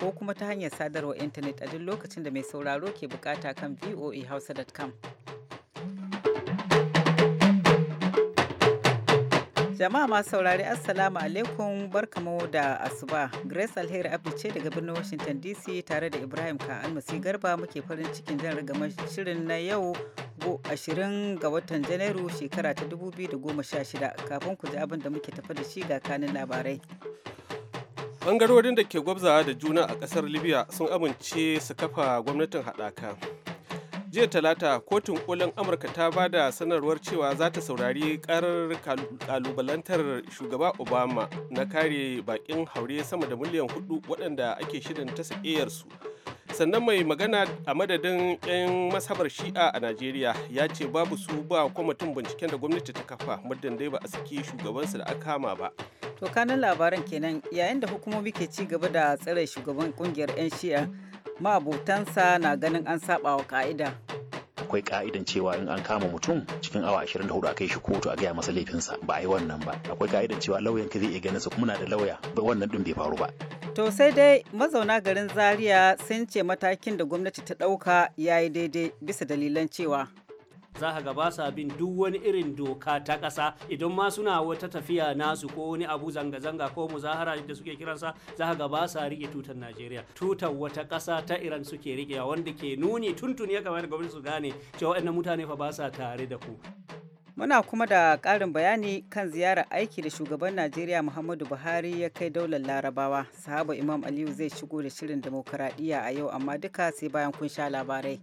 ko kuma ta hanyar sadarwar intanet a duk lokacin da mai sauraro ke bukata kan voahausa.com. jama'a masu saurari assalamu alaikum barkamu da asuba grace alheri abdu ce daga birnin washington dc tare da ibrahim ka almasi garba muke farin cikin jan rigamar shirin na yau 20 ga watan janairu shekara ta 2016 kafin ku ji abin da muke tafa da shi ga kanin labarai Bangarorin da ke gwabzawa da juna a ƙasar Libya sun amince su kafa gwamnatin haɗaka. jiya talata kotun kolin amurka ta ba da sanarwar cewa za ta saurari karar kalubalantar shugaba obama na kare bakin haure sama da miliyan hudu waɗanda ake shirin ta su sannan mai magana a madadin 'yan mashabar shi'a a najeriya ya ce babu su ba kwamitin binciken da gwamnati ta kafa muddin dai ba a saki shugabansu da aka kama ba to kanan labaran kenan yayin da hukumomi ke ci gaba da tsare shugaban kungiyar 'yan shi'a ma'abotansa na ganin an saba wa ka'ida akwai ka'idan cewa in an kama mutum cikin awa 24 a kai shi kotu a gaya masa laifinsa ba a yi wannan ba akwai ka'idan cewa lauyan ka zai iya ganin sa kuma na da lauya ba wannan din bai faru ba to sai dai mazauna garin zaria sun ce matakin da gwamnati ta dauka yayi daidai bisa dalilan cewa za ka gaba sa bin duk wani irin doka ta ƙasa idan ma suna wata tafiya nasu ko wani abu zanga-zanga ko muzahara da suke kiransa za ka gaba sa rike tutar Najeriya tutar wata ƙasa ta Iran suke rikewa wanda ke nuni tuntuni ya kamata gwamnati su gane cewa waɗannan mutane fa ba sa tare da ku. Muna kuma da ƙarin bayani kan ziyarar aiki da shugaban Najeriya Muhammadu Buhari ya kai daular Larabawa. Sahaba Imam Aliyu zai shigo da shirin demokuraɗiyya a yau amma duka sai bayan kun sha labarai.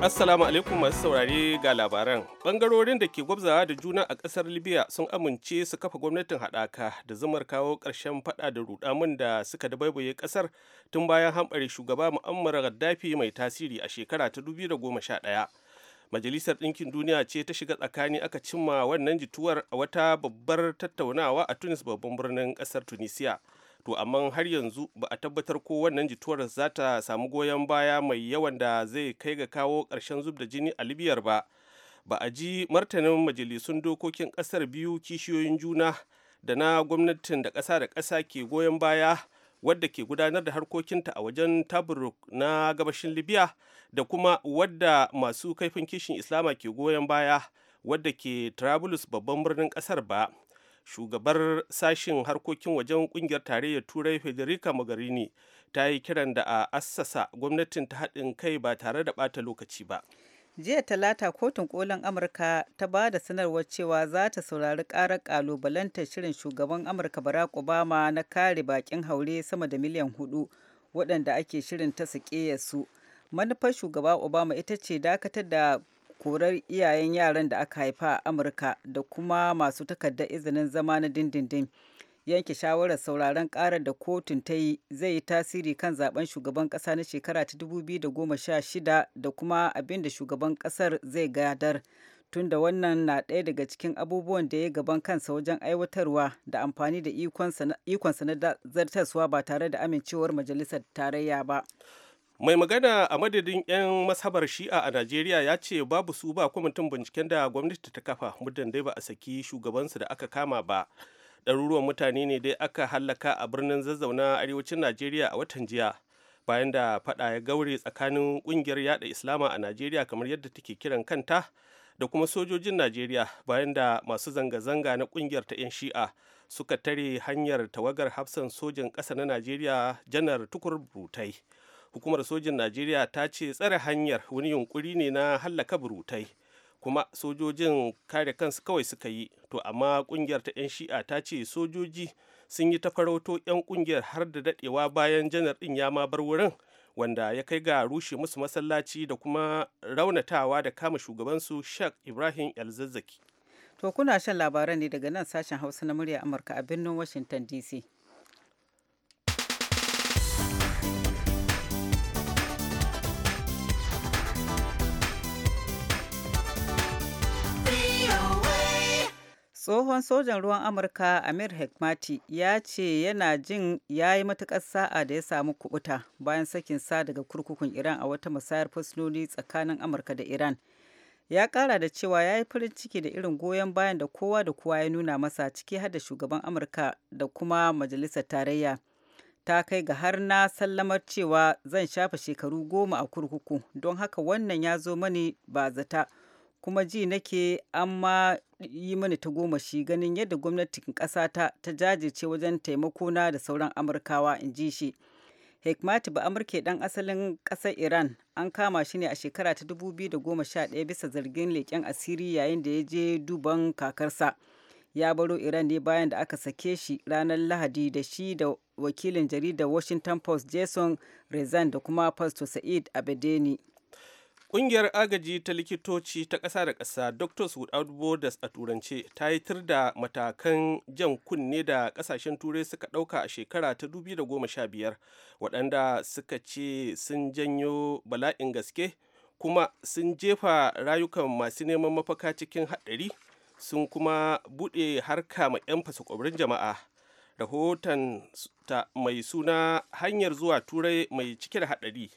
Assalamu alaikum masu saurare ga labaran. Bangarorin da ke gwabzawa da juna a ƙasar Libya sun amince su kafa gwamnatin haɗaka da zamar kawo karshen faɗa da rudamun da suka dabaibaye ƙasar tun bayan hamɓare shugaba Muammar Gaddafi mai tasiri a shekara ta 2011. Majalisar Ɗinkin Duniya ce ta shiga tsakani aka cimma wannan jituwar a wata babbar tattaunawa a Tunis babban birnin ƙasar Tunisia. to amma har yanzu ba a tabbatar ko wannan jituwar za ta samu goyon baya mai yawan da zai kai ga kawo ƙarshen zub da jini a libyar ba ba a ji martanin majalisun dokokin ƙasar biyu kishiyoyin juna da na gwamnatin da ƙasa da ƙasa ke goyon baya wadda ke gudanar da harkokinta a wajen taburuk na gabashin libya da kuma wadda masu kaifin kishin islama ke goyon baya wadda ke trablus babban birnin ƙasar ba shugabar sashen harkokin wajen kungiyar tarayyar turai federica mogherini ta yi kiran da a assasa gwamnatin ta haɗin kai ba tare da ɓata lokaci ba jiya talata kotun kolin amurka ta ba da sanarwar cewa za ta saurari karar kalubalantar shirin shugaban amurka barack obama na kare bakin haure sama da miliyan hudu waɗanda ake shirin ta su manufar shugaba obama ita ce dakatar da korar iyayen yaran da aka haifa a amurka da kuma masu takardar izinin zama na dindindin yanke shawarar sauraron karar da kotun ta yi zai yi tasiri kan zaben shugaban kasa na shekara ta 2016 da kuma abin da shugaban kasar zai gadar da wannan na ɗaya daga cikin abubuwan da ya gaban kansa wajen aiwatarwa da amfani da ikonsa na zartaswa ba tare da amincewar majalisar tarayya ba. mai magana a madadin 'yan mashabar shi'a a najeriya ya ce babu su ba kwamitin binciken da gwamnati ta kafa muddin dai ba a saki shugabansu da aka kama ba ɗaruruwan mutane ne dai aka hallaka a birnin zazzauna arewacin najeriya a watan jiya bayan da faɗa ya gaure tsakanin ƙungiyar yada islama a najeriya kamar yadda take kiran kanta da kuma sojojin najeriya bayan da masu zanga-zanga na ƙungiyar ta 'yan shi'a suka tare hanyar tawagar hafsan sojin ƙasa na najeriya janar tukur butai hukumar sojin najeriya ta ce tsare hanyar wani yunkuri ne na hallaka burutai kuma sojojin kare kansu kawai suka yi to amma kungiyar ta 'yan shi'a ta ce sojoji sun yi ta farauto 'yan kungiyar har da dadewa bayan janar din ya ma bar wurin wanda ya kai ga rushe musu masallaci da kuma raunatawa da kama shugabansu shak ibrahim elzazzaki to kuna shan labaran ne daga nan sashen hausa na murya amurka a birnin washington dc tsohon sojan ruwan amurka amir hekmati ya ce yana jin ya yi matukar sa'a da ya samu kubuta bayan sakin sa daga kurkukun iran a wata musayar fasiloli tsakanin amurka da iran ya kara da cewa ya yi farin ciki da irin goyon bayan da kowa da kowa ya nuna masa ciki har da shugaban amurka da kuma majalisar tarayya ta kai ga har na sallamar cewa zan shafe shekaru goma a kurkuku don haka wannan ya zo mani ba zata kuma ji nake an ma yi mani ta goma shi ganin yadda gwamnatin ƙasata ta jajirce wajen taimakona da sauran amurkawa in ji shi hekmati ba amurke dan asalin ƙasar iran an kama shi ne a shekara ta 2011 bisa zargin leƙen asiri yayin da ya je duban kakarsa ya baro iran ne bayan da aka sake shi ranar lahadi da shi da wakilin jaridar washington post jason rezan da kuma pastor sa'id abedeni Ƙungiyar agaji ta likitoci ta ƙasa da ƙasa Doctors Without Borders a turance ta yi tur da matakan jan kunne da ƙasashen turai suka ɗauka a shekara ta 2015 waɗanda suka ce sun janyo bala'in gaske kuma sun jefa rayukan masu neman mafaka cikin haɗari sun kuma buɗe harka ma 'yan fasa fasakwabrin jama'a. Rahoton ta mai suna hanyar zuwa turai mai cike da haɗari.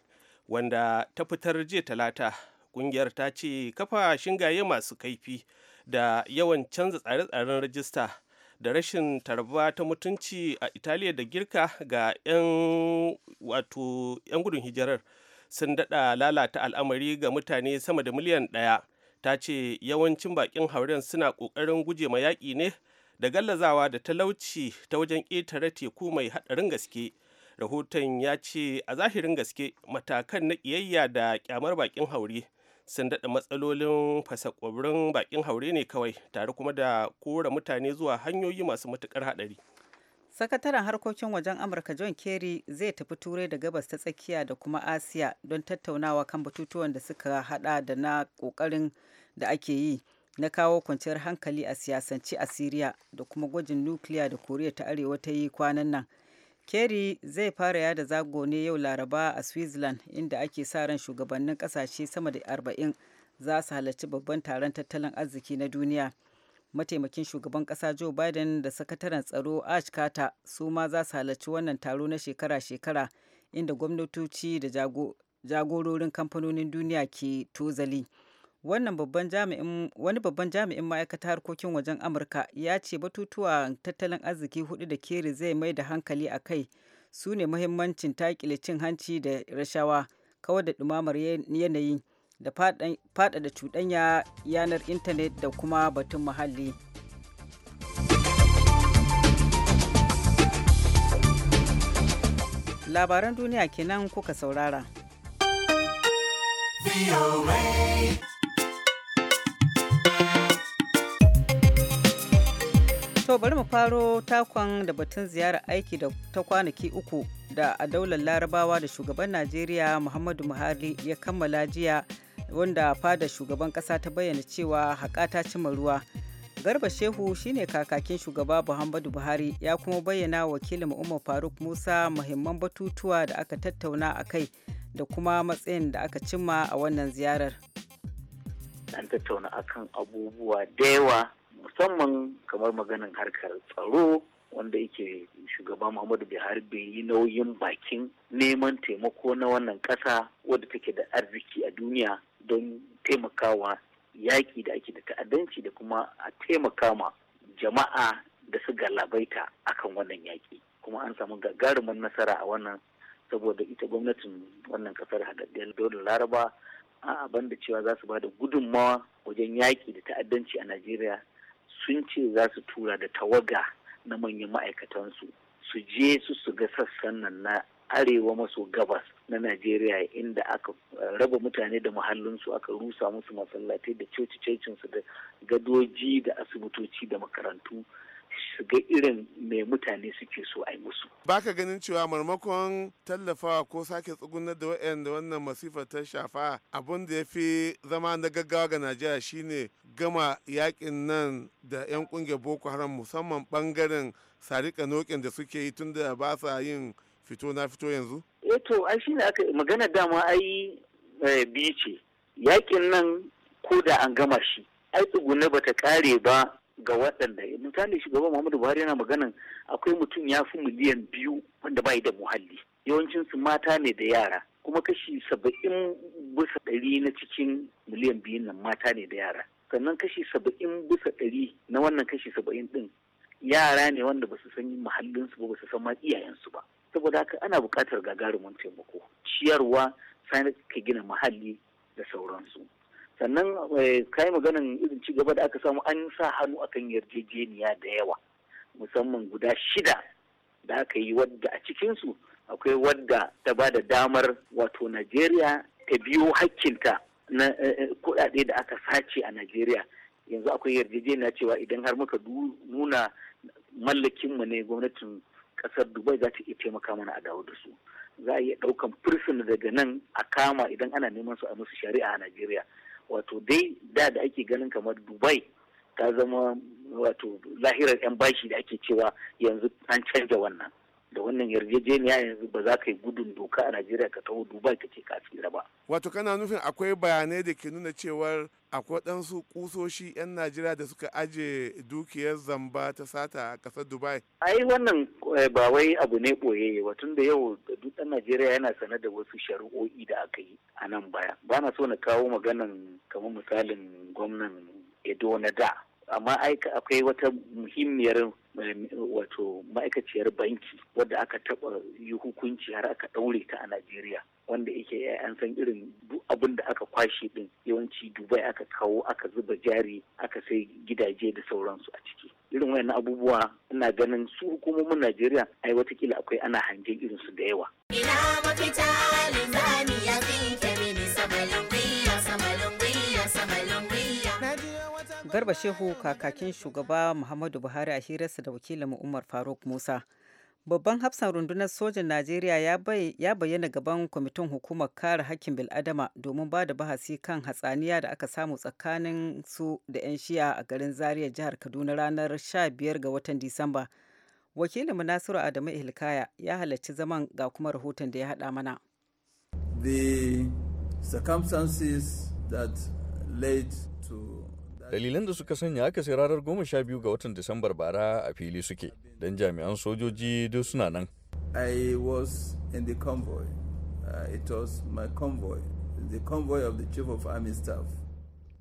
wanda ta fitar jiya talata kungiyar ta ce kafa shingaye masu kaifi da yawan canza tsare-tsaren rajista da rashin tarba ta mutunci a italiya da girka ga 'yan wato 'yan gudun hijirar sun dada lalata al'amari ga mutane sama da miliyan ɗaya ta ce yawancin bakin hauren suna ƙoƙarin guje ma yaƙi ne da gallazawa da talauci ta wajen ƙetare teku mai haɗarin gaske rahoton ya ce a zahirin gaske matakan na ƙiyayya da kyamar bakin haure sun daɗa matsalolin fasakwabrin bakin haure ne kawai tare kuma da kora mutane zuwa hanyoyi masu matuƙar haɗari sakataren harkokin wajen amurka john kerry zai tafi turai da gabas ta tsakiya da kuma asiya don tattaunawa kan batutuwan da suka hada da na ƙoƙarin da ake yi na kawo kwanciyar hankali a siyasance a syria da kuma gwajin nukiliya da Koriya ta Arewa ta yi kwanan nan Kerry zai fara yada zago ne yau Laraba a Switzerland inda ake sa ran shugabannin kasashe sama da 40 za su halarci babban taron tattalin arziki na duniya. Mataimakin shugaban kasa Joe Biden da sakataren tsaro Ash Carter su ma za su halarci wannan taro na shekara-shekara inda gwamnatoci da jagororin kamfanonin duniya ke tozali. wani babban jami'in ma'aikata harkokin wajen amurka ya ce batutuwan tattalin arziki hudu da keri zai mai da hankali a kai su ne muhimmancin takile cin hanci da rashawa kawar da dumamar yanayi da fadada cuɗanya yanar intanet da kuma batun muhalli labaran duniya kenan kuka saurara. To bari mu faro takon da batun ziyara aiki da ta kwanaki uku da a daular larabawa da shugaban Najeriya Muhammadu Buhari ya kammala jiya wanda fada shugaban kasa ta bayyana cewa haƙa ta cima ruwa. Garba Shehu shine kakakin shugaba Muhammadu Buhari ya kuma bayyana wakilin Umar Faruk Musa muhimman batutuwa da aka tattauna a kai da kuma matsayin da aka cimma a wannan ziyarar. An tattauna akan abubuwa da yawa musamman kamar maganin harkar tsaro wanda yake shugaba muhammadu buhari bai yi nauyin bakin neman taimako na wannan ƙasa wadda take da arziki a duniya don taimakawa yaƙi da ake da ta'addanci da kuma a taimaka ma jama'a da su galabaita akan wannan yaƙi kuma an samu gagarumin nasara a wannan saboda ita gwamnatin wannan kasar haɗaɗɗiyar dole laraba a abin cewa za su ba da gudunmawa wajen yaƙi da ta'addanci a najeriya sun ce za su tura da tawaga na manyan ma'aikatansu su je su su ga sassan nan na arewa maso gabas na Najeriya inda aka eh, raba mutane da muhallinsu aka rusa musu masallatai da coci-cocinsu da gadoji da asibitoci da makarantu su ga irin mai mutane suke so a yi musu. Baka ganin cewa marmakon tallafawa ko sake tsugunar da waɗanda wannan masifa ta shafa abin da ya fi zama na gaggawa ga Najeriya shine gama yakin nan da 'yan kungiyar Boko Haram musamman bangaren sarika nokin da suke yi tun da ba sa yin fito na fito yanzu? Eto, eh to ai ne aka magana dama ai eh, biyu ce. Yakin nan ko da an gama shi ai tsuguna bata kare ba ga waɗanda misali shugaban muhammadu buhari yana maganan akwai mutum ya fi miliyan biyu wanda bai da muhalli yawancinsu mata ne da yara kuma kashi saba'in bisa ɗari na cikin miliyan biyu nan mata ne da yara sannan kashi saba'in bisa ɗari na wannan kashi saba'in ɗin yara ne wanda ba su san muhallinsu ba ba su san ma iyayensu ba saboda haka ana buƙatar gagarumin taimako ciyarwa sai ka gina muhalli da sauransu sannan eh, kai maganin irin ci gaba da aka samu an sa hannu akan yarjejeniya da yawa musamman guda shida da aka yi wadda a cikinsu akwai wadda ta ba da damar wato najeriya ta biyo hakkinta na eh, eh, kudade da aka sace a najeriya yanzu akwai yarjejeniya cewa idan har muka nuna mallakinmu ne gwamnatin kasar dubai za ta iya taimaka mana a dawo da su za a iya daukan fursuna daga nan a kama idan ana neman su a musu shari'a a najeriya wato dai da da ake ganin kamar dubai ta zama wato lahirar 'yan bashi da ake cewa yanzu an canja wannan da wannan yarjejeniya yanzu ba za ka yi gudun doka a najeriya ka taho dubai ka ce ka tsira ba wato kana nufin akwai bayanai da ke nuna cewar akwai ɗansu kusoshi 'yan najeriya da suka aje dukiyar zamba ta sata a ƙasar dubai ai wannan eh, ba wai abu ne ɓoye tun da yau duk ɗan najeriya yana sanar da wasu shari'o'i da aka yi a nan baya ba na so na kawo maganan kamar misalin gwamnan edo na da amma akwai wata muhimmiyar Eh, wato ma'aikaciyar banki wadda aka taɓa yi hukunci har aka ɗaure ta a Najeriya wanda yake eh, an san irin abin da aka kwashe din yawanci Dubai aka kawo aka zuba jari aka sai gidaje da sauransu a ciki irin wayannan abubuwa ina ganin su hukumomin Najeriya ai watakila akwai ana hangen irin su da yawa ina mafita linzami ya Garba Shehu kakakin shugaba Muhammadu Buhari a hirarsa da wakilin Umar Faruk Musa. Babban hafsan rundunar sojin Najeriya ya bayyana gaban kwamitin hukumar kare hakkin bil'adama domin ba da bahasi kan hatsaniya da aka samu tsakanin su da 'yan shiya a garin Zariya jihar Kaduna ranar 15 ga watan Disamba. Wakilin Nasiru Adamu Ihlikaya ya halarci zaman ga kuma rahoton da ya haɗa mana. The circumstances that Dalilan da suka sanya aka sai ranar goma sha biyu ga watan Disambar bara a fili suke, don jami'an sojoji duk suna nan. I was in the convoy. Uh, it was my convoy, the convoy of the Chief of Army Staff.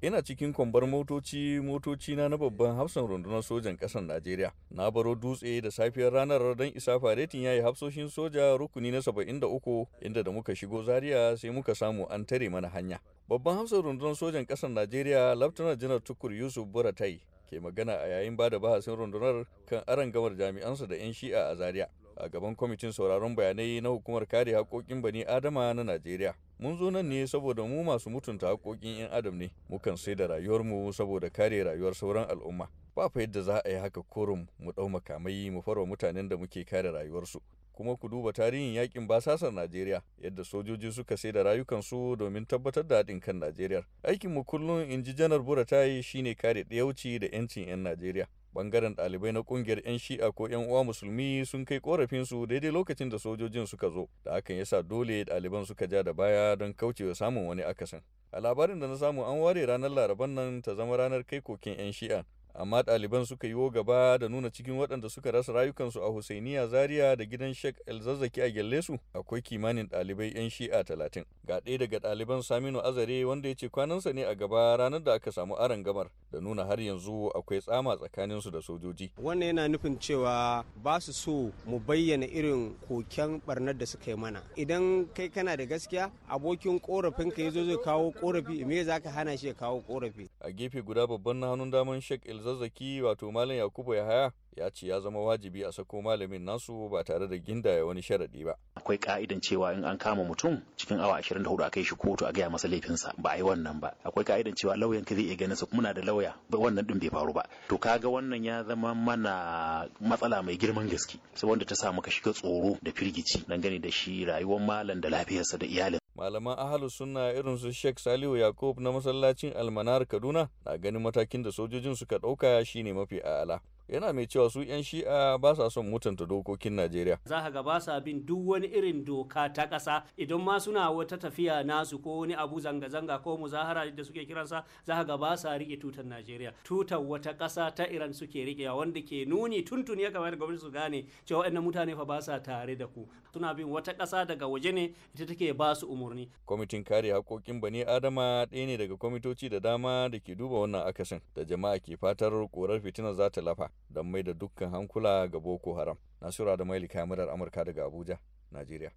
Ina cikin kwambar motoci motoci na babban hafsan rundunar sojan ƙasar Najeriya. Na baro dutse da safiyar ranar don isa faretin yi hafsoshin soja rukuni na 73 inda da muka shigo Zaria sai muka samu an tare mana hanya. Babban hafsan rundunar sojan ƙasar Najeriya Laftanar Janar Tukur Yusuf Buratai ke magana a yayin ba da bahasin rundunar kan aron gamar jami'ansu da 'yan shi'a a Zaria a gaban kwamitin sauraron bayanai na hukumar kare haƙoƙin bani Adama na Najeriya. mun zo nan ne saboda mu masu mutunta haƙoƙin 'yan adam ne mukan sai da rayuwarmu saboda kare rayuwar sauran al'umma ba fa yadda za a yi haka korum mu ɗau makamai mu farwa mutanen da muke kare rayuwarsu kuma ku duba tarihin yakin basasar Najeriya yadda sojoji suka sai da rayukansu domin tabbatar da haɗin kan Najeriya. Aikinmu kullum in ji janar Buratai shine kare ɗayauci da 'yancin 'yan Najeriya. Bangaren ɗalibai na ƙungiyar 'yan shi'a ko 'yan uwa musulmi sun kai ƙorafinsu daidai lokacin da sojojin suka zo, da hakan yasa dole ɗaliban suka ja da baya don kaucewa samun wani akasin. A labarin da na samu an ware ranar laraban nan ta zama ranar kai kokin 'yan shi'a amma ɗaliban suka yi gaba da nuna cikin waɗanda suka rasa rayukansu a Husainiya Zaria da gidan shek Elzazzaki a gyalle su akwai kimanin ɗalibai 'yan shi'a talatin. Ga ɗaya daga ɗaliban Saminu Azare wanda ya ce kwanansa ne a gaba ranar da aka samu aron gamar da nuna har yanzu akwai tsama tsakanin su da sojoji. Wannan yana nufin cewa ba su so mu bayyana irin koken barnar da suka yi mana. Idan kai kana da gaskiya abokin ƙorafin ka yazo zai kawo korafi me za ka hana shi ya kawo korafi. A gefe guda babban na hannun daman Sheikh zazzaki wato malam yakubu yahaya ya ce ya zama wajibi a sako malamin nasu ba tare da gindaya wani sharaɗi ba akwai ka'idan cewa in an kama mutum cikin awa 24 a kai shi kotu a gaya masa laifinsa ba a yi wannan ba akwai ka'idan cewa lauyan ka zai iya ganin sa muna da lauya ba wannan din bai faru ba to kaga wannan ya zama mana matsala mai girman gaske saboda ta sa muka shiga tsoro da firgici dangane da shi rayuwar malam da lafiyarsa da iyalin Malaman ahalu Sunna irin su Sheikh Salihu Yakub na masallacin Almanar Kaduna na ganin matakin da sojojin suka ɗauka shine mafi a'ala. yana mai cewa su 'yan shi'a ba sa son mutunta dokokin najeriya za ka ga ba sa bin duk wani irin doka ta kasa idan ma suna wata tafiya nasu ko wani abu zanga-zanga ko muzahara da suke kiransa za ka ga ba sa riƙe tutar najeriya tutar wata kasa ta iran suke riƙewa wanda ke nuni tuntun ya kamata gwamnati su gane cewa waɗannan mutane fa ba sa tare da ku suna bin wata kasa daga waje ne ita take ba su umurni. kwamitin kare haƙoƙin bani adama ɗaya ne daga kwamitoci da dama da ke duba wannan akasin da jama'a ke fatar korar fitinar za ta lafa don mai da dukkan hankula ga Boko Haram. Nasura da Maili kamarar Amurka daga Abuja, Najeriya.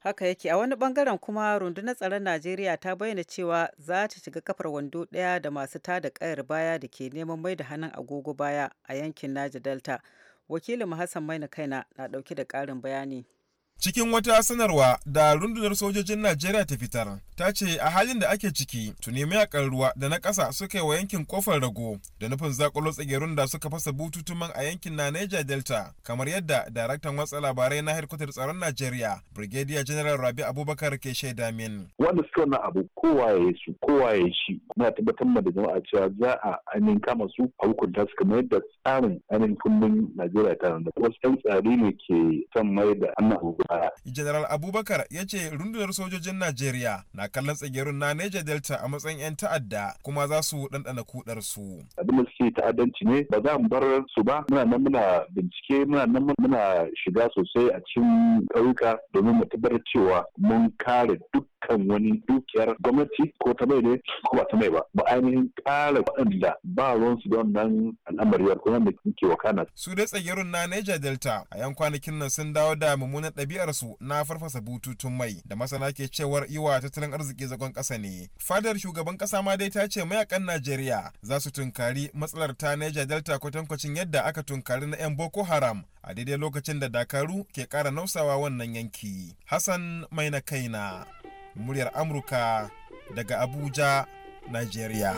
Haka yake a wani bangaren kuma rundunar tsaron Najeriya ta bayyana cewa za ta shiga kafar wando ɗaya da masu tada kayar baya da ke neman mai da hannun agogo baya a yankin naja Delta. Wakilin Hassan na Kaina na ɗauke da ƙarin bayani. cikin wata sanarwa da rundunar sojojin najeriya ta fitar ta ce a halin da ake ciki tuni mayakan ruwa da na kasa suka yi wa yankin kofar rago da nufin zakulo tsagerun da suka fasa bututun a yankin na niger delta kamar yadda daraktan watsa labarai na hedkwatar tsaron najeriya brigadier general rabi abubakar ke shaida min wanda suka wani abu kowa ya su kowa ya shi na tabbatar ma da jama'a cewa za a ainihin kama su a hukunta su kamar yadda tsarin ainihin kundin najeriya ta nan da wasu 'yan tsari ne ke son mai da annan General Abubakar ya ce rundunar sojojin Najeriya na kallon tsagerun na Niger Delta a matsayin 'yan ta'adda kuma za su ɗanɗana kudar su. Abin da suke ta'addanci ne ba za mu bar su ba muna nan muna bincike muna nan muna shiga sosai a cikin ƙauyuka domin mu tabbatar cewa mun kare duk kan wani dukiyar gwamnati ko ta mai ne ko ba ta mai ba ba ainihin ƙara waɗanda ba su don nan al'amari ko da ke wakana. su dai tsagirin na niger delta a yan kwanakin nan sun dawo da mummunan ɗabi'arsu na farfasa bututun mai da masana ke cewar iwa tattalin arziki zagon ƙasa ne fadar shugaban ƙasa ma dai ta ce mayakan najeriya za su tunkari matsalar ta niger delta kwatankwacin yadda aka tunkari na 'yan boko haram a daidai lokacin da dakaru ke ƙara nausawa wannan yanki hassan mai na kaina muryar amurka daga abuja nigeria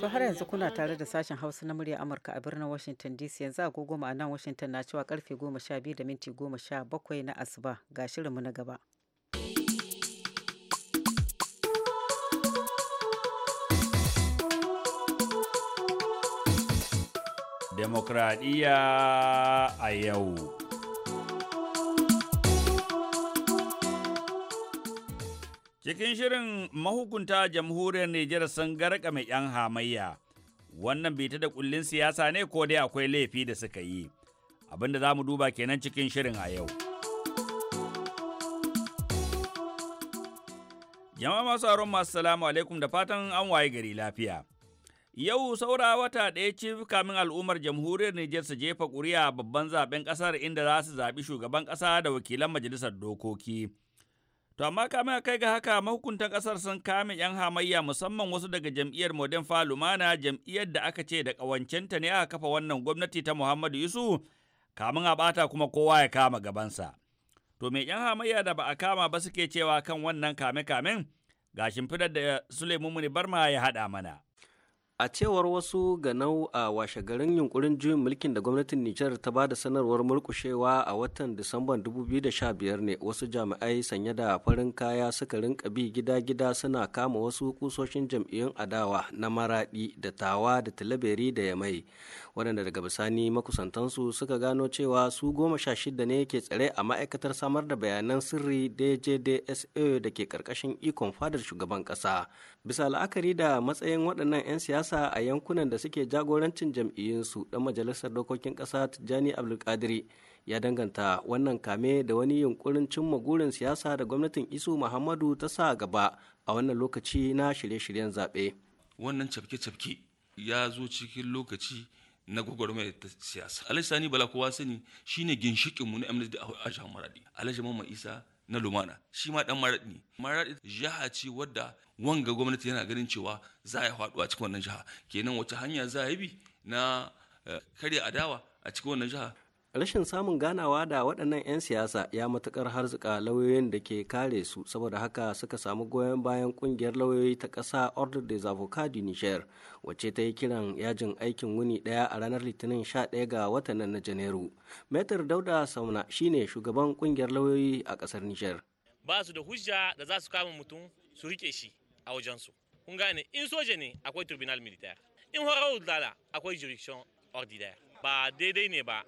to har yanzu kuna tare da sashen hausa na murya amurka a birnin washington dc yanzu agogo ma'anan washington na cewa karfe 12 da minti 17 na asuba ga shirinmu na gaba demokradiyya a yau. Cikin shirin mahukunta jamhuriyar Nijar sun garka mai 'yan hamayya. Wannan bita da kullin siyasa ne ko dai akwai laifi da suka yi. Abinda za mu duba kenan cikin shirin a yau. Jama'a masu aron masu salamu alaikum da fatan an waye gari lafiya. Yau saura wata ɗaya ce kamin al'ummar jamhuriyar Nijar su jefa ƙuri'a babban zaben ƙasar inda za su zaɓi shugaban ƙasa da wakilan majalisar dokoki. To amma kamar kai ga haka mahukuntan ƙasar sun kame 'yan hamayya musamman wasu daga jam'iyyar Modern Falumana jam'iyyar da aka ce da ƙawancenta ne aka kafa wannan gwamnati ta Muhammadu Yusuf kamun a bata kuma kowa ya kama gabansa. To me 'yan hamayya da ba a kama ba suke cewa kan wannan kame-kamen ga shimfidar da Suleiman Barma ya haɗa mana. A cewar wasu ganau a washegarin yunkurin juyin mulkin da gwamnatin Nijar ta ba da sanarwar murkushewa a watan Disamban 2015 ne wasu jami'ai sanye da farin kaya suka rinka bi gida-gida suna kama wasu kusoshin jam'iyyun adawa na Maradi da Tawa da Talaberi da Yamai waɗanda daga bisani makusantansu suka gano cewa su goma sha shida ne ke tsare a ma'aikatar samar da bayanan sirri DJDSA da ke ƙarƙashin ikon fadar shugaban ƙasa. Bisa la'akari da matsayin waɗannan 'yan siyasa siyasa a yankunan da suke jagorancin jam'iyyunsu dan majalisar dokokin kasa Tijjani Abdulkadiri ya danganta wannan kame da wani yunkurin cimma gurin siyasa da gwamnatin Isu Muhammadu ta sa gaba a wannan lokaci na shirye-shiryen zaɓe. Wannan cafke-cafke ya zo cikin lokaci na gwagwarmar ta siyasa. Alhaji Sani Bala kowa sani shine ginshikinmu na Amnesty a Jihar Maradi. Alhaji Mamman Isa na lumana shi ma dan maradi ne maradi jiha ce wadda wanga gwamnati yana ganin cewa za a faɗo a cikin wannan jiha kenan wata hanya za a bi na eh, karya adawa a cikin wannan jiha rashin samun ganawa da waɗannan 'yan siyasa ya matukar harzuka lauyoyin da ke kare su saboda haka suka samu goyon bayan ƙungiyar lauyoyi ta ƙasa order des avocats du niger wacce ta yi kiran yajin aikin wuni ɗaya a ranar litinin 11 ga watan na janairu metar dauda sauna shine shugaban ƙungiyar lauyoyi a ƙasar niger ba su da hujja da za su kama mutum su rike shi a wajensu kun gane in soja ne akwai tribunal militaire in horar akwai jurisdiction ordinaire ba daidai ne ba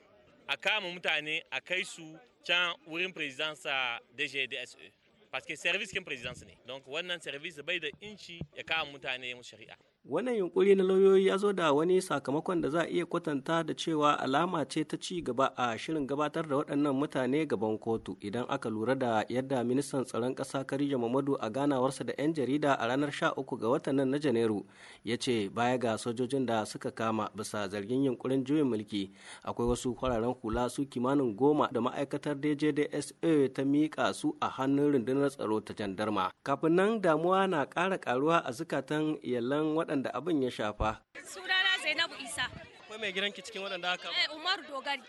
a kama mutane a kai su can wurin presidansa DGDSE. Parce que service kin prezidansa ne. Donc wannan service bai da inci ya kama mutane musu shari'a. Wannan yunkuri na lauyoyi ya zo da wani sakamakon da za a iya kwatanta da cewa alama ce ta ci gaba a shirin gabatar da waɗannan mutane gaban kotu idan aka lura da yadda ministan tsaron ƙasa Karija Mamadu a ganawarsa da 'yan jarida a ranar 13 ga watan nan na Janairu ya ce baya ga sojojin da suka kama bisa zargin yunkurin juyin mulki akwai wasu kwararen hula su kimanin goma da ma'aikatar DJDSA ta miƙa su a hannun rundunar tsaro ta jandarma. Kafin nan damuwa na ƙara ƙaruwa a zukatan iyalan waɗanda waɗanda abin ya shafa. Sunana Zainabu Isa. Akwai mai gidanki cikin waɗanda aka? Eh Umaru Dogari.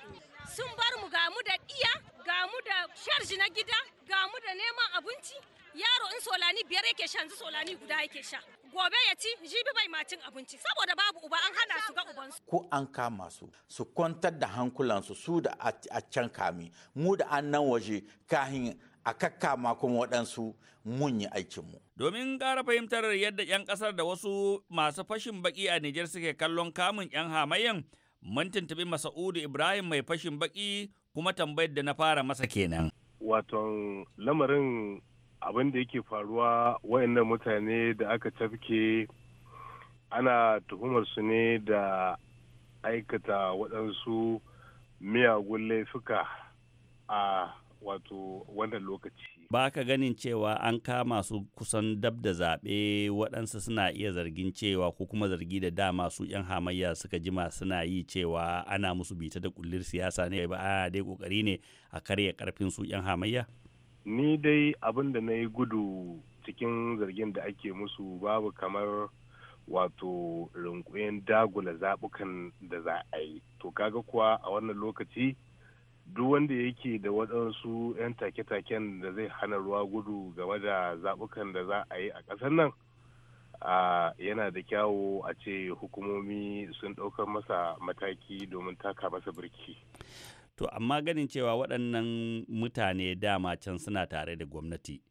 Sun bar mu gamu da iya, gamu da sharji na gida, gamu da neman abinci. Yaro in solani biyar yake sha, yanzu solani guda yake sha. gobe ya ci jibi bai macin abinci saboda babu uba an hana su ga ubansu. Ko an kama su su kwantar da hankulansu su da a can kami mu da an nan waje kahin a kakkama kuma waɗansu mun yi aikinmu. Domin ƙara fahimtar yadda 'yan ƙasar da wasu masu fashin baki a Nijar suke kallon kamun 'yan hamayen, mun tuntubi Masa'udu Ibrahim mai fashin baki kuma tambayar da na fara masa kenan. Waton lamarin abin da yake faruwa wayannan mutane da aka tafke ana tuhumar su ne da aikata waɗansu miyagun laifuka a wato wannan lokaci. ba ka ganin cewa an kama su kusan dab da zaɓe waɗansu suna iya zargin cewa ko kuma zargi da dama su 'yan hamayya suka jima suna yi cewa ana musu bita da kullir siyasa ne ba a dai kokari ne a karya karfin su 'yan hamayya ni dai abin da na yi gudu cikin zargin da ake musu babu kamar wato rinkuyen dagula zaɓukan da za a yi to kaga kuwa a wannan lokaci duk wanda yake da waɗansu 'yan take-taken da zai hana ruwa gudu game da zaɓukan da za a yi a ƙasar nan yana da kyawo a ce hukumomi sun ɗaukar masa mataki domin taka masa birki. To, amma ganin cewa waɗannan mutane dama can suna tare da gwamnati.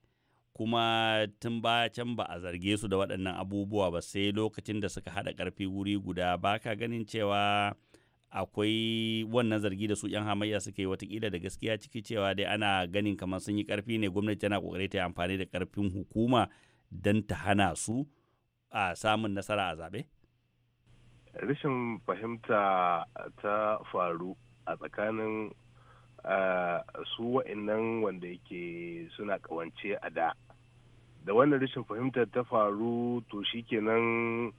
kuma tun baya can ba a zarge su da waɗannan abubuwa ba sai lokacin da suka haɗa ƙarfi wuri guda ba ka ganin cewa akwai wannan zargi da su yan hamayya suke watakila da gaskiya ciki cewa dai ana ganin kamar sun yi karfi ne gwamnati tana kokari ta yi amfani da karfin hukuma don ta hana su a samun nasara a zaɓe? rashin fahimta ta faru a tsakanin su wa'annan wanda yake suna kawance a da da wannan rashin fahimta ta faru to shikenan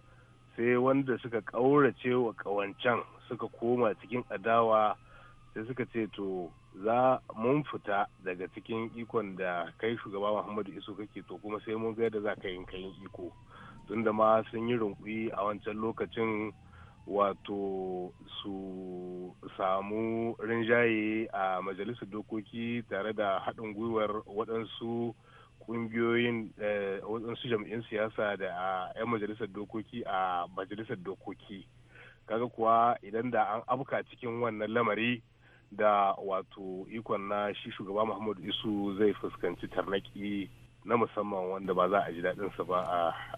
sai wanda suka ƙaurace wa ƙawancen suka koma cikin adawa sai suka ce to za mun fita daga cikin ikon da kai shugaba muhammadu isu kake to kuma sai mun ga yadda za ka yin kayan iko tun da ma sun yi rumfi a wancan lokacin wato su samu rinjaye a majalisar dokoki tare da haɗin gwiwar waɗansu ƙungiyoyin eh, waɗansu jam'in siyasa da 'yan majalisar dokoki a majalisar dokoki kaga kuwa idan da an abuka cikin wannan lamari da wato ikon na shi shugaba muhammadu isu zai fuskanci tarnaki na musamman wanda ba za a ji daɗinsa ba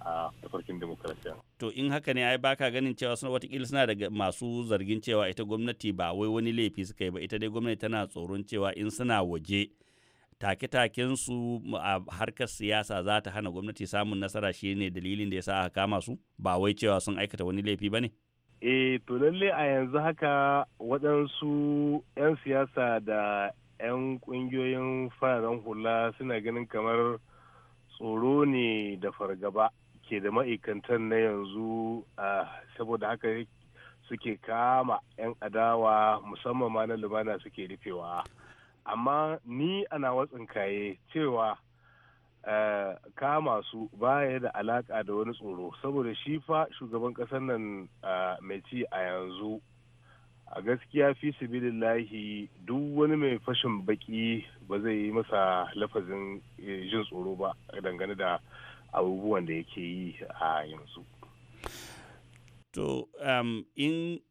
a tafarkin demokarasiya. To in haka ne ai baka ganin cewa suna watakila suna daga masu zargin cewa ita gwamnati ba wai wani laifi suka yi ba ita dai gwamnati tana tsoron cewa in suna waje take-taken su a harkar siyasa za ta hana gwamnati samun nasara shine dalilin da ya sa aka kama su ba wai cewa sun aikata wani laifi ba ne. eh to lalle a yanzu haka waɗansu 'yan siyasa da 'yan ƙungiyoyin fararen hula suna ganin kamar tsoro ne da fargaba ke da ma'aikantar na yanzu saboda haka suke kama 'yan adawa musamman ma na lumana suke rufewa amma ni ana watsin kaye cewa Eh, kama su baya da alaka da wani tsoro saboda shi fa shugaban ƙasar nan eh, mai ci a yanzu a gaskiya fi sibilillahi duk wani mai fashin baki ba zai yi masa lafazin eh, jin tsoro ba dangane da abubuwan da yake yi a yanzu to um,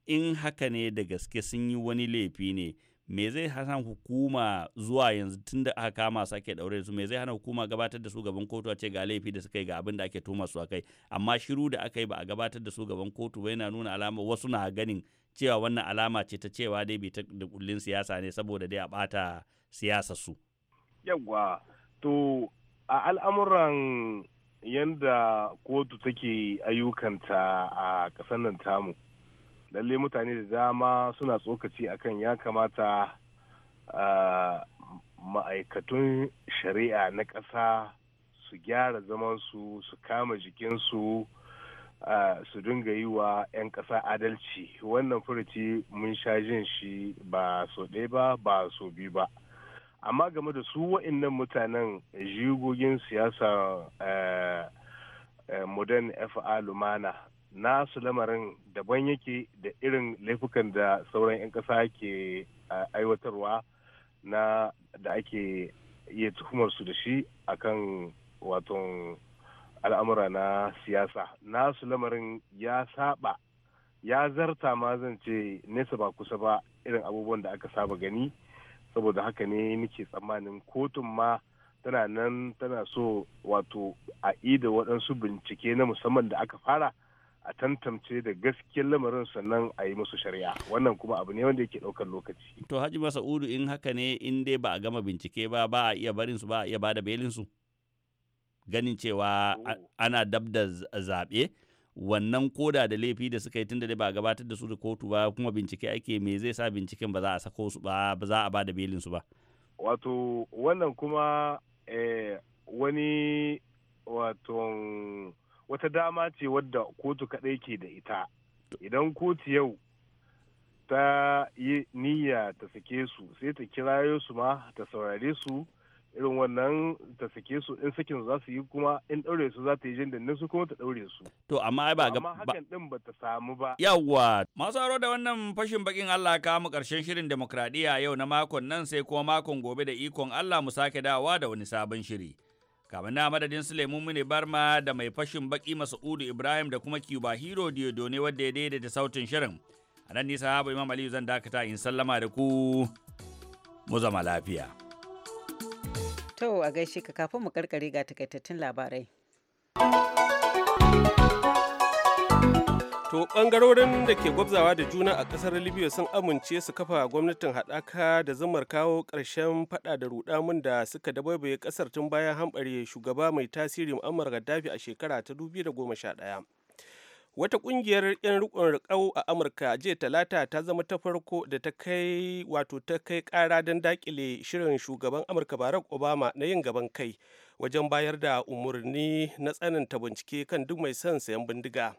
in haka ne da gaske sun yi wani laifi ne me zai hana hukuma zuwa yanzu tun da aka kama su ake daure su me zai hana hukuma gabatar da su gaban kotu a ce ga laifi da suka yi ga abin da ake tuma su kai amma shiru da aka yi ba a gabatar da su gaban kotu ba yana nuna alama wasu na ganin cewa wannan alama ce ta cewa dai bai ta da kullin siyasa ne saboda dai a bata siyasa su yawwa to a al'amuran yanda kotu take ayyukanta a ƙasar nan tamu lalle mutane da dama suna tsokaci akan ya kamata ma'aikatun shari'a na ƙasa su gyara zamansu su kama jikinsu su dinga yi wa 'yan ƙasa adalci wannan furuci mun sha jin shi ba so ɗaya ba ba so biyu ba amma game da su wa'innan mutanen jigogin siyasa modern fa lumana na su lamarin daban yake da irin laifukan da sauran 'yan ƙasa ke aiwatarwa na da ake iya tuhumar su da shi akan waton al'amura na siyasa na su lamarin ya saba ya zarta ma zan ce nesa ba kusa ba irin abubuwan da aka saba gani saboda haka ne nake tsammanin kotun ma tana nan tana so wato a ida waɗansu bincike na musamman da aka fara a tantance da gaskiyar lamarin sannan a yi musu shari'a wannan kuma abu ne wanda yake ɗaukar lokaci. To Haji Masa'udu in haka ne in dai ba a gama bincike ba ba a iya barin su ba a iya bada belin su ganin cewa oh. ana dab da zaɓe wannan koda da laifi da suka yi tun da ba a gabatar da su da kotu ba kuma bincike ake me zai sa binciken ba za a sako su ba ba za a bada belin su ba. Wato wannan kuma eh, wani wato wata dama ce wadda kotu kaɗai ke da ita idan kotu yau ta yi niyya ta sake su sai ta kirayo su ma ta saurare su irin wannan ta sake su in sakin za su yi kuma in ɗaure su za ta yi jin su kuma ta ɗaure su. To amma ba ga amma hakan din ba ta samu ba. Yawwa masu aro da wannan fashin bakin Allah ka mu karshen shirin demokradiya yau na makon nan sai kuma makon gobe da ikon Allah mu sake dawa da wani sabon shiri. Kamar na madadin Suleiman Mune Barma da mai fashin baki Masa'udu Ibrahim da kuma Kiba Hero Diodone wadda ya daidaita sautin shirin. A nan nisa habu Imam Aliyu zan dakata in sallama da ku mu zama lafiya. To a gaishe ka kafin mu karkare ga takaitattun labarai. To bangarorin da ke gwabzawa da juna a kasar Libya sun amince su kafa gwamnatin haɗaka da zamar kawo ƙarshen faɗa da ruɗamun da suka dabaibaye ƙasar tun bayan hamɓare shugaba mai tasiri Muammar Gaddafi a shekara ta 2011. Wata ƙungiyar 'yan riƙon riƙau a Amurka jiya talata ta zama ta farko da ta kai wato ta kai ƙara don daƙile shirin shugaban Amurka Barack Obama na yin gaban kai wajen bayar da umarni na tsananta bincike kan duk mai son sayan bindiga.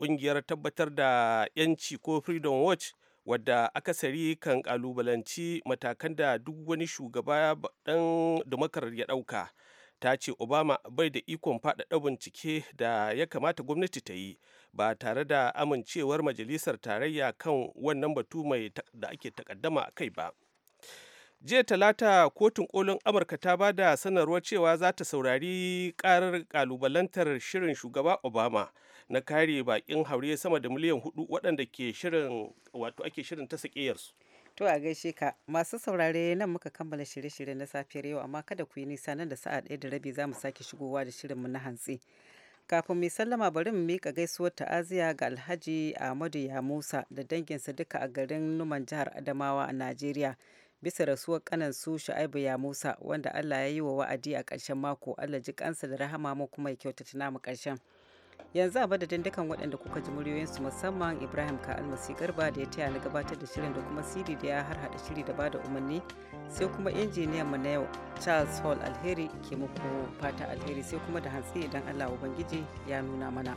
kungiyar tabbatar da 'yanci ko freedom watch wadda akasari kan kalubalanci matakan da duk wani shugaba dan dumakar ya dauka ta ce obama bai da ikon faɗaɗa bincike da ya kamata gwamnati ta yi ba tare da amincewar majalisar tarayya kan wannan batu mai da ake takaddama a kai ba jiya talata kotun kolin amurka ta ba da sanarwar cewa za ta saurari ƙarar kalubalantar shirin shugaba obama na kare bakin haure sama da miliyan hudu waɗanda ke shirin wato ake shirin ta sakiyarsu. To a gaishe ka masu saurare nan muka kammala shirye-shirye na safiyar yau amma kada ku yi nisa nan da sa'a ɗaya da rabi za mu sake shigowa da shirinmu na hantsi. Kafin mai sallama bari mu miƙa gaisuwar ta'aziya ga Alhaji Ahmadu Ya Musa da danginsa duka a garin Numan jihar Adamawa a Najeriya. bisa rasuwar kanan su Shu'aibu ya Musa wanda Allah ya yi wa wa'adi a ƙarshen mako Allah ji kansa da rahama mu kuma ya kyautata namu ƙarshen. yanzu a madadin dukan waɗanda kuka ji muryoyinsu musamman ibrahim ka almasi garba da ya taya na gabatar da shirin da kuma sidi da ya har hada shiri da bada umarni sai kuma injiniyan mu na yau charles hall alheri ke muku fata alheri sai kuma da hantsi idan allah ubangiji ya nuna mana.